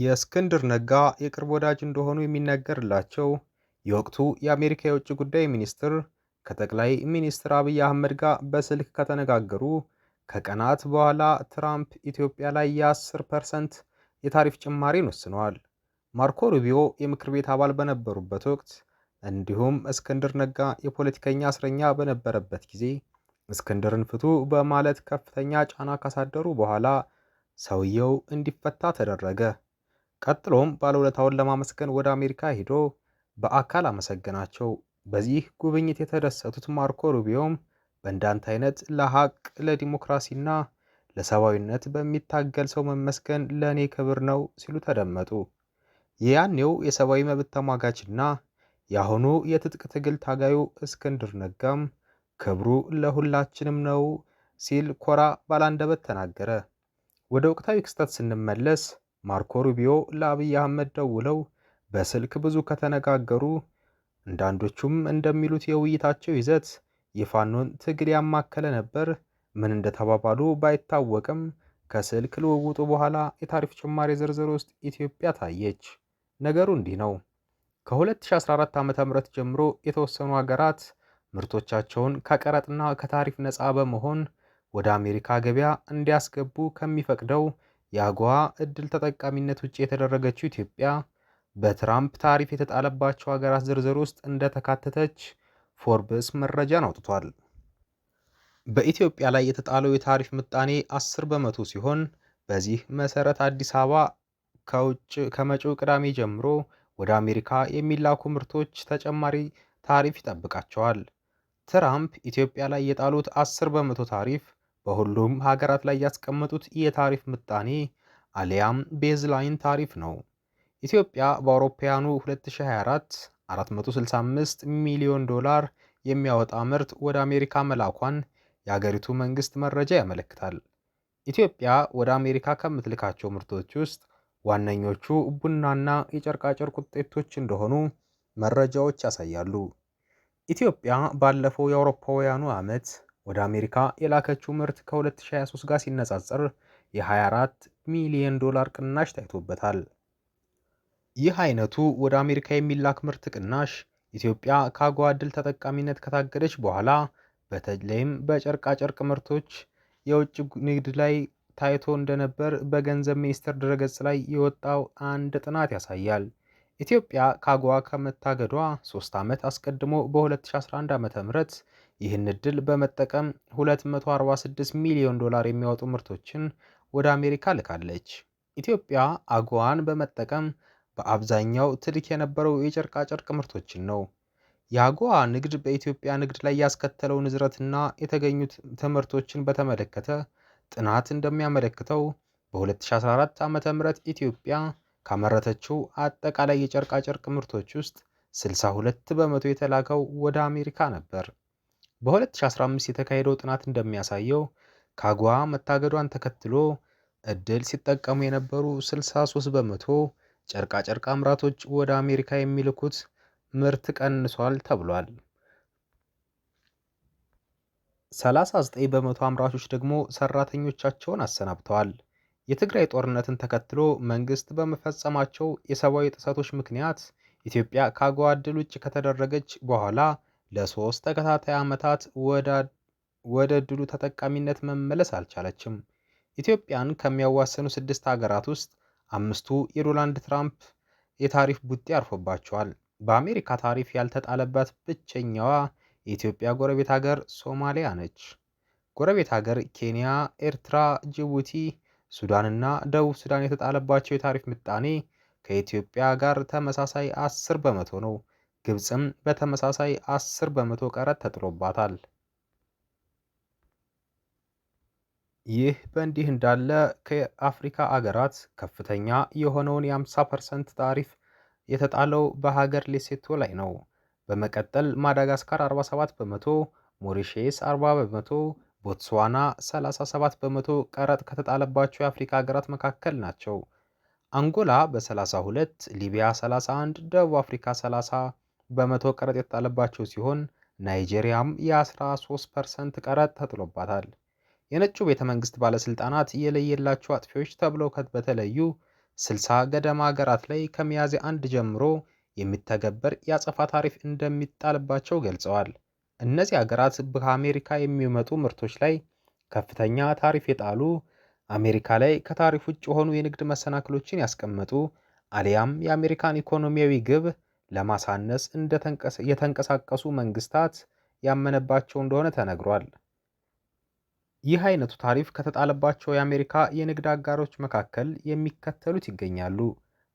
የእስክንድር ነጋ የቅርብ ወዳጅ እንደሆኑ የሚነገርላቸው የወቅቱ የአሜሪካ የውጭ ጉዳይ ሚኒስትር ከጠቅላይ ሚኒስትር አብይ አህመድ ጋር በስልክ ከተነጋገሩ ከቀናት በኋላ ትራምፕ ኢትዮጵያ ላይ የ10 ፐርሰንት የታሪፍ ጭማሪን ወስነዋል። ማርኮ ሩቢዮ የምክር ቤት አባል በነበሩበት ወቅት እንዲሁም እስክንድር ነጋ የፖለቲከኛ እስረኛ በነበረበት ጊዜ እስክንድርን ፍቱ በማለት ከፍተኛ ጫና ካሳደሩ በኋላ ሰውየው እንዲፈታ ተደረገ። ቀጥሎም ባለውለታውን ለማመስገን ወደ አሜሪካ ሄዶ በአካል አመሰገናቸው። በዚህ ጉብኝት የተደሰቱት ማርኮ ሩቢዮም በእንዳንተ አይነት ለሀቅ ለዲሞክራሲና ለሰብአዊነት በሚታገል ሰው መመስገን ለእኔ ክብር ነው ሲሉ ተደመጡ። የያኔው የሰብአዊ መብት ተሟጋችና የአሁኑ የትጥቅ ትግል ታጋዩ እስክንድር ነጋም ክብሩ ለሁላችንም ነው ሲል ኮራ ባላንደበት ተናገረ። ወደ ወቅታዊ ክስተት ስንመለስ ማርኮ ሩቢዮ ለአብይ አህመድ ደውለው በስልክ ብዙ ከተነጋገሩ አንዳንዶቹም እንደሚሉት የውይይታቸው ይዘት የፋኖን ትግል ያማከለ ነበር። ምን እንደተባባሉ ባይታወቅም ከስልክ ልውውጡ በኋላ የታሪፍ ጭማሪ ዝርዝር ውስጥ ኢትዮጵያ ታየች። ነገሩ እንዲህ ነው። ከ2014 ዓ ም ጀምሮ የተወሰኑ ሀገራት ምርቶቻቸውን ከቀረጥና ከታሪፍ ነፃ በመሆን ወደ አሜሪካ ገበያ እንዲያስገቡ ከሚፈቅደው የአጎዋ እድል ተጠቃሚነት ውጪ የተደረገችው ኢትዮጵያ በትራምፕ ታሪፍ የተጣለባቸው ሀገራት ዝርዝር ውስጥ እንደተካተተች ፎርብስ መረጃን አውጥቷል። በኢትዮጵያ ላይ የተጣለው የታሪፍ ምጣኔ 10 በመቶ ሲሆን በዚህ መሰረት አዲስ አበባ ከውጭ ከመጪው ቅዳሜ ጀምሮ ወደ አሜሪካ የሚላኩ ምርቶች ተጨማሪ ታሪፍ ይጠብቃቸዋል። ትራምፕ ኢትዮጵያ ላይ የጣሉት 10 በመቶ ታሪፍ በሁሉም ሀገራት ላይ ያስቀመጡት የታሪፍ ምጣኔ አሊያም ቤዝላይን ታሪፍ ነው። ኢትዮጵያ በአውሮፓውያኑ 2024 465 ሚሊዮን ዶላር የሚያወጣ ምርት ወደ አሜሪካ መላኳን የአገሪቱ መንግስት መረጃ ያመለክታል። ኢትዮጵያ ወደ አሜሪካ ከምትልካቸው ምርቶች ውስጥ ዋነኞቹ ቡናና የጨርቃጨርቅ ውጤቶች እንደሆኑ መረጃዎች ያሳያሉ። ኢትዮጵያ ባለፈው የአውሮፓውያኑ ዓመት ወደ አሜሪካ የላከችው ምርት ከ2023 ጋር ሲነጻጸር የ24 ሚሊዮን ዶላር ቅናሽ ታይቶበታል። ይህ አይነቱ ወደ አሜሪካ የሚላክ ምርት ቅናሽ ኢትዮጵያ ከአጎዋ ዕድል ተጠቃሚነት ከታገደች በኋላ በተለይም በጨርቃጨርቅ ምርቶች የውጭ ንግድ ላይ ታይቶ እንደነበር በገንዘብ ሚኒስቴር ድረገጽ ላይ የወጣው አንድ ጥናት ያሳያል። ኢትዮጵያ ከአጎዋ ከመታገዷ ሶስት ዓመት አስቀድሞ በ2011 ዓ.ም ይህን እድል በመጠቀም 246 ሚሊዮን ዶላር የሚያወጡ ምርቶችን ወደ አሜሪካ ልካለች። ኢትዮጵያ አጎዋን በመጠቀም በአብዛኛው ትልክ የነበረው የጨርቃጨርቅ ምርቶችን ነው። የአጎዋ ንግድ በኢትዮጵያ ንግድ ላይ ያስከተለው ንዝረትና የተገኙት ትምህርቶችን በተመለከተ ጥናት እንደሚያመለክተው በ2014 ዓ.ም ኢትዮጵያ ካመረተችው አጠቃላይ የጨርቃጨርቅ ምርቶች ውስጥ 62 በመቶ የተላከው ወደ አሜሪካ ነበር። በ2015 የተካሄደው ጥናት እንደሚያሳየው ካጓ መታገዷን ተከትሎ እድል ሲጠቀሙ የነበሩ 63 በመቶ ጨርቃጨርቅ አምራቶች ወደ አሜሪካ የሚልኩት ምርት ቀንሷል ተብሏል። 39 በመቶ አምራቾች ደግሞ ሰራተኞቻቸውን አሰናብተዋል። የትግራይ ጦርነትን ተከትሎ መንግስት በመፈጸማቸው የሰብአዊ ጥሰቶች ምክንያት ኢትዮጵያ ከአገዋ ዕድል ውጭ ከተደረገች በኋላ ለሶስት ተከታታይ ዓመታት ወደ ዕድሉ ተጠቃሚነት መመለስ አልቻለችም። ኢትዮጵያን ከሚያዋስኑ ስድስት ሀገራት ውስጥ አምስቱ የዶናልድ ትራምፕ የታሪፍ ቡጢ አርፎባቸዋል። በአሜሪካ ታሪፍ ያልተጣለባት ብቸኛዋ የኢትዮጵያ ጎረቤት ሀገር ሶማሊያ ነች። ጎረቤት ሀገር ኬንያ፣ ኤርትራ፣ ጅቡቲ ሱዳንና ደቡብ ሱዳን የተጣለባቸው የታሪፍ ምጣኔ ከኢትዮጵያ ጋር ተመሳሳይ 10 በመቶ ነው። ግብፅም በተመሳሳይ 10 በመቶ ቀረጥ ተጥሎባታል። ይህ በእንዲህ እንዳለ ከአፍሪካ አገራት ከፍተኛ የሆነውን የ50 ፐርሰንት ታሪፍ የተጣለው በሀገር ሌሴቶ ላይ ነው። በመቀጠል ማዳጋስካር 47 በመቶ፣ ሞሪሼስ 40 በመቶ፣ ቦትስዋና 37 በመቶ ቀረጥ ከተጣለባቸው የአፍሪካ ሀገራት መካከል ናቸው። አንጎላ በ32፣ ሊቢያ 31፣ ደቡብ አፍሪካ 30 በመቶ ቀረጥ የተጣለባቸው ሲሆን ናይጄሪያም የ13 ፐርሰንት ቀረጥ ተጥሎባታል። የነጩ ቤተ መንግስት ባለስልጣናት የለየላቸው አጥፊዎች ተብለው በተለዩ 60 ገደማ ሀገራት ላይ ከሚያዝያ አንድ ጀምሮ የሚተገበር የአጸፋ ታሪፍ እንደሚጣልባቸው ገልጸዋል። እነዚህ ሀገራት በአሜሪካ የሚመጡ ምርቶች ላይ ከፍተኛ ታሪፍ የጣሉ አሜሪካ ላይ ከታሪፍ ውጭ የሆኑ የንግድ መሰናክሎችን ያስቀመጡ አሊያም የአሜሪካን ኢኮኖሚያዊ ግብ ለማሳነስ የተንቀሳቀሱ መንግስታት ያመነባቸው እንደሆነ ተነግሯል። ይህ አይነቱ ታሪፍ ከተጣለባቸው የአሜሪካ የንግድ አጋሮች መካከል የሚከተሉት ይገኛሉ።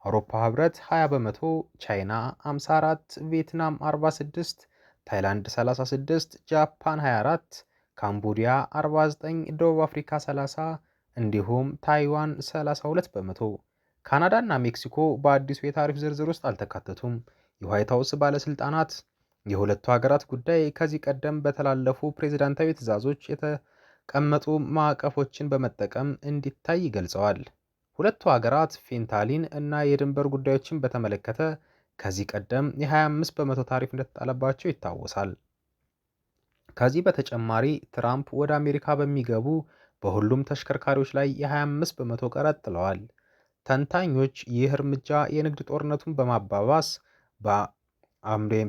አውሮፓ ህብረት 20 በመቶ፣ ቻይና 54፣ ቪየትናም 46፣ ታይላንድ 36፣ ጃፓን 24፣ ካምቦዲያ 49፣ ደቡብ አፍሪካ 30 እንዲሁም ታይዋን 32 በመቶ። ካናዳ እና ሜክሲኮ በአዲሱ የታሪፍ ዝርዝር ውስጥ አልተካተቱም። የዋይት ሀውስ ባለስልጣናት የሁለቱ ሀገራት ጉዳይ ከዚህ ቀደም በተላለፉ ፕሬዝዳንታዊ ትዕዛዞች የተቀመጡ ማዕቀፎችን በመጠቀም እንዲታይ ገልጸዋል። ሁለቱ ሀገራት ፌንታሊን እና የድንበር ጉዳዮችን በተመለከተ ከዚህ ቀደም የ25 በመቶ ታሪፍ እንደተጣለባቸው ይታወሳል። ከዚህ በተጨማሪ ትራምፕ ወደ አሜሪካ በሚገቡ በሁሉም ተሽከርካሪዎች ላይ የ25 በመቶ ቀረጥ ጥለዋል። ተንታኞች ይህ እርምጃ የንግድ ጦርነቱን በማባባስ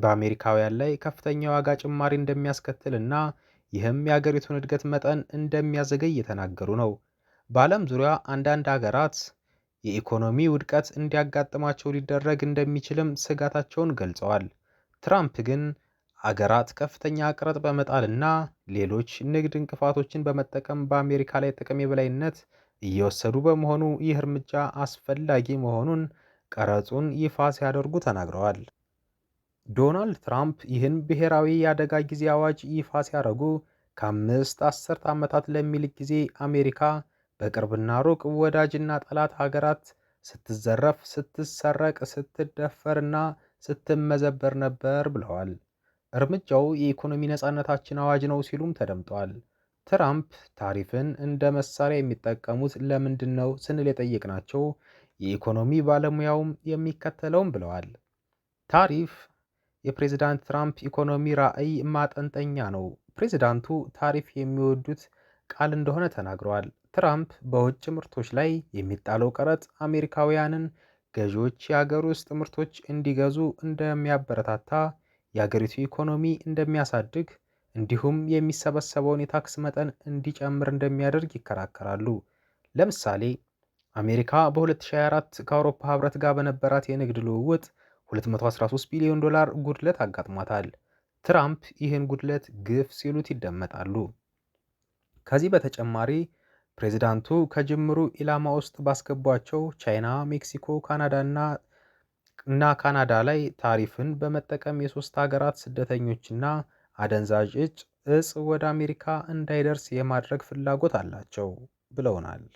በአሜሪካውያን ላይ ከፍተኛ ዋጋ ጭማሪ እንደሚያስከትል እና ይህም የአገሪቱን እድገት መጠን እንደሚያዘገይ እየተናገሩ ነው። በዓለም ዙሪያ አንዳንድ ሀገራት የኢኮኖሚ ውድቀት እንዲያጋጥማቸው ሊደረግ እንደሚችልም ስጋታቸውን ገልጸዋል። ትራምፕ ግን አገራት ከፍተኛ ቅረጥ በመጣልና ሌሎች ንግድ እንቅፋቶችን በመጠቀም በአሜሪካ ላይ ጥቅም የበላይነት እየወሰዱ በመሆኑ ይህ እርምጃ አስፈላጊ መሆኑን ቀረጹን ይፋ ሲያደርጉ ተናግረዋል። ዶናልድ ትራምፕ ይህን ብሔራዊ የአደጋ ጊዜ አዋጅ ይፋ ሲያደርጉ ከአምስት አስርት ዓመታት ለሚልቅ ጊዜ አሜሪካ በቅርብና ሩቅ ወዳጅና ጠላት ሀገራት ስትዘረፍ፣ ስትሰረቅ፣ ስትደፈርና ስትመዘበር ነበር ብለዋል። እርምጃው የኢኮኖሚ ነፃነታችን አዋጅ ነው ሲሉም ተደምጧል። ትራምፕ ታሪፍን እንደ መሳሪያ የሚጠቀሙት ለምንድን ነው ስንል የጠየቅናቸው የኢኮኖሚ ባለሙያውም የሚከተለውም ብለዋል። ታሪፍ የፕሬዚዳንት ትራምፕ ኢኮኖሚ ራዕይ ማጠንጠኛ ነው። ፕሬዚዳንቱ ታሪፍ የሚወዱት ቃል እንደሆነ ተናግረዋል። ትራምፕ በውጭ ምርቶች ላይ የሚጣለው ቀረጥ አሜሪካውያንን ገዢዎች የአገር ውስጥ ምርቶች እንዲገዙ እንደሚያበረታታ፣ የአገሪቱ ኢኮኖሚ እንደሚያሳድግ እንዲሁም የሚሰበሰበውን የታክስ መጠን እንዲጨምር እንደሚያደርግ ይከራከራሉ። ለምሳሌ አሜሪካ በ2024 ከአውሮፓ ህብረት ጋር በነበራት የንግድ ልውውጥ 213 ቢሊዮን ዶላር ጉድለት አጋጥሟታል። ትራምፕ ይህን ጉድለት ግፍ ሲሉት ይደመጣሉ። ከዚህ በተጨማሪ ፕሬዚዳንቱ ከጅምሩ ኢላማ ውስጥ ባስገቧቸው ቻይና፣ ሜክሲኮ፣ ካናዳ እና ካናዳ ላይ ታሪፍን በመጠቀም የሶስት ሀገራት ስደተኞችና አደንዛዥ እጽ ወደ አሜሪካ እንዳይደርስ የማድረግ ፍላጎት አላቸው ብለውናል።